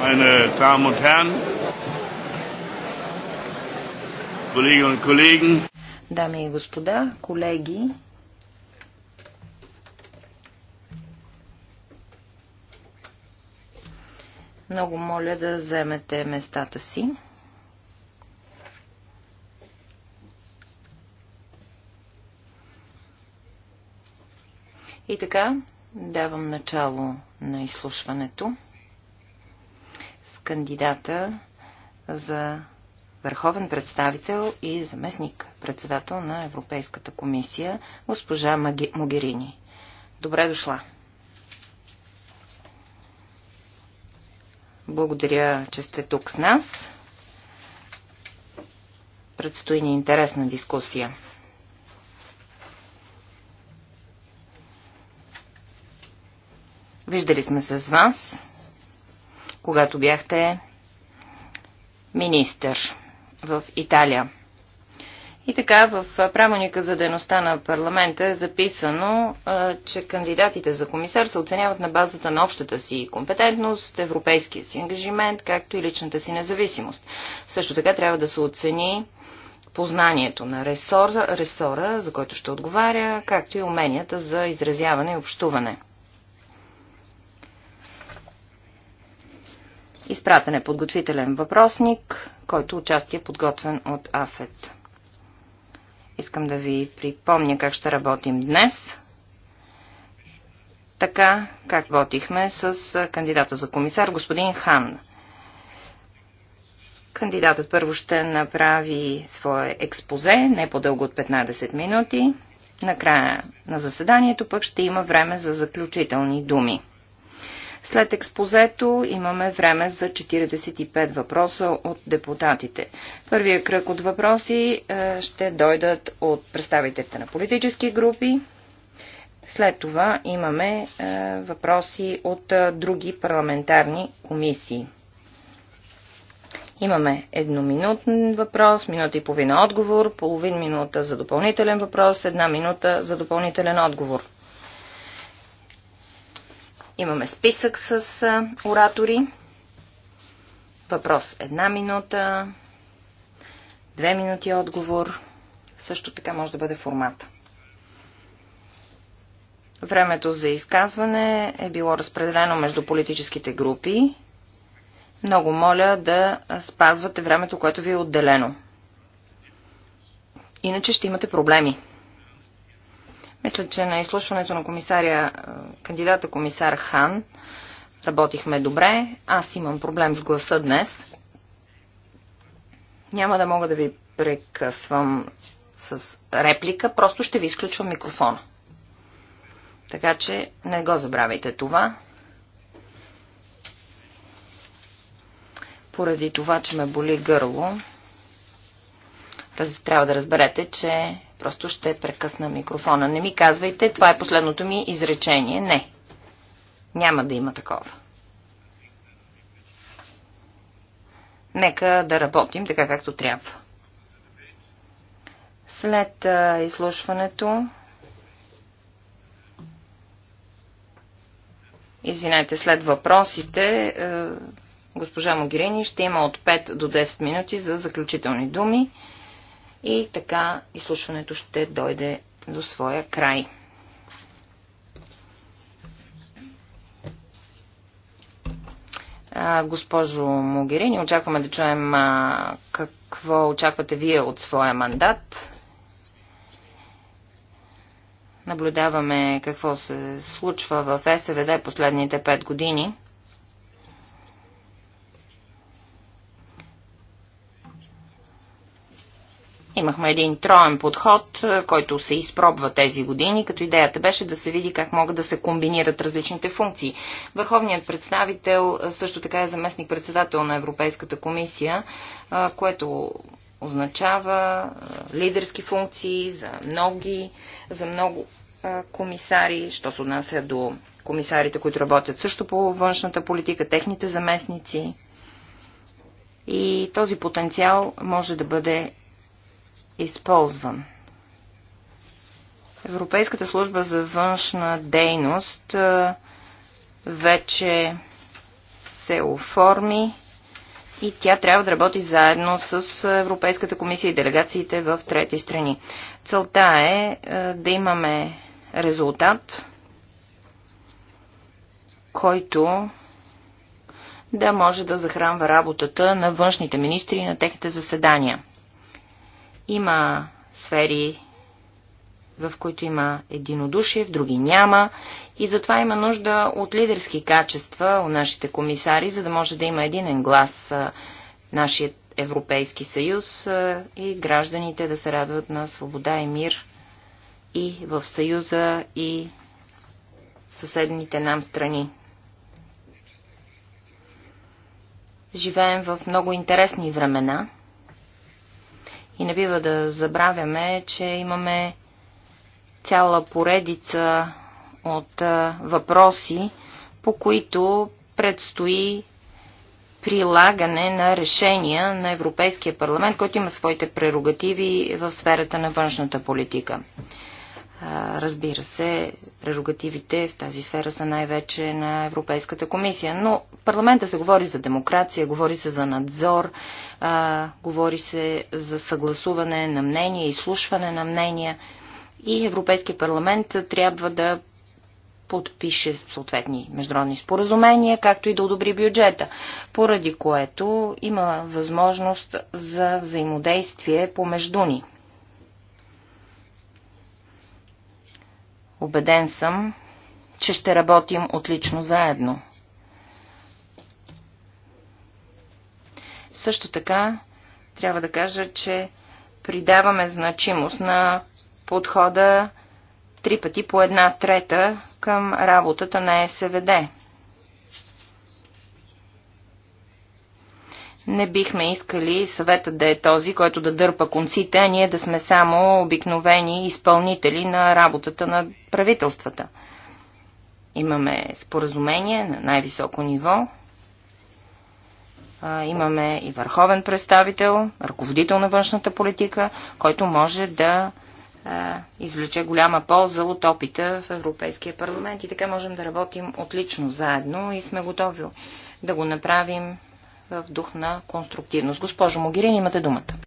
Meine Damen und Herren, Kolleginnen und Kollegen, Дами и господа, колеги, много моля да вземете местата си. И така, Давам начало на изслушването с кандидата за върховен представител и заместник председател на Европейската комисия, госпожа Могерини. Добре дошла! Благодаря, че сте тук с нас. Предстои ни интересна дискусия. Виждали сме с вас, когато бяхте министър в Италия. И така, в правилника за дейността на парламента е записано, че кандидатите за комисар се оценяват на базата на общата си компетентност, европейския си ангажимент, както и личната си независимост. Също така трябва да се оцени познанието на ресора, ресора за който ще отговаря, както и уменията за изразяване и общуване. Изпратен е подготвителен въпросник, който участие е подготвен от АФЕТ. Искам да ви припомня как ще работим днес. Така, как работихме с кандидата за комисар, господин Хан. Кандидатът първо ще направи свое експозе, не по-дълго от 15 минути. Накрая на заседанието пък ще има време за заключителни думи. След експозето имаме време за 45 въпроса от депутатите. Първия кръг от въпроси е, ще дойдат от представителите на политически групи. След това имаме е, въпроси от е, други парламентарни комисии. Имаме едноминутен въпрос, минута и половина отговор, половин минута за допълнителен въпрос, една минута за допълнителен отговор. Имаме списък с оратори. Въпрос една минута, две минути отговор. Също така може да бъде формата. Времето за изказване е било разпределено между политическите групи. Много моля да спазвате времето, което ви е отделено. Иначе ще имате проблеми. Мисля, че на изслушването на комисаря, е, кандидата комисар Хан работихме добре. Аз имам проблем с гласа днес. Няма да мога да ви прекъсвам с реплика, просто ще ви изключвам микрофона. Така че не го забравяйте това. Поради това, че ме боли гърло, Раз, трябва да разберете, че просто ще прекъсна микрофона. Не ми казвайте, това е последното ми изречение. Не. Няма да има такова. Нека да работим така както трябва. След а, изслушването. Извинете, след въпросите, госпожа Могирини ще има от 5 до 10 минути за заключителни думи и така изслушването ще дойде до своя край. Госпожо Могерини, очакваме да чуем какво очаквате вие от своя мандат. Наблюдаваме какво се случва в СВД последните пет години. Имахме един троен подход, е, който се изпробва тези години, като идеята беше да се види как могат да се комбинират различните функции. Върховният представител е, също така е заместник-председател на Европейската комисия, е, което означава лидерски функции за многи, за много комисари, що се отнася до комисарите, които работят също по външната политика, техните заместници. И този потенциал може да бъде използван. Европейската служба за външна дейност вече се оформи и тя трябва да работи заедно с Европейската комисия и делегациите в трети страни. Целта е да имаме резултат, който да може да захранва работата на външните министри и на техните заседания. Има сфери, в които има единодушие, в други няма. И затова има нужда от лидерски качества у нашите комисари, за да може да има единен глас нашият Европейски съюз и гражданите да се радват на свобода и мир и в съюза, и в съседните нам страни. Живеем в много интересни времена – и не бива да забравяме, че имаме цяла поредица от въпроси, по които предстои прилагане на решения на Европейския парламент, който има своите прерогативи в сферата на външната политика. Разбира се, прерогативите в тази сфера са най-вече на Европейската комисия, но парламента се говори за демокрация, говори се за надзор, а, говори се за съгласуване на мнения, изслушване на мнения и Европейския парламент трябва да подпише съответни международни споразумения, както и да одобри бюджета, поради което има възможност за взаимодействие помежду ни – Обеден съм, че ще работим отлично заедно. Също така, трябва да кажа, че придаваме значимост на подхода три пъти по една трета към работата на СВД. Не бихме искали съветът да е този, който да дърпа конците, а ние да сме само обикновени изпълнители на работата на правителствата. Имаме споразумение на най-високо ниво, имаме и върховен представител, ръководител на външната политика, който може да извлече голяма полза от опита в Европейския парламент и така можем да работим отлично заедно и сме готови да го направим в дух на конструктивност. Госпожо Могирин, имате думата.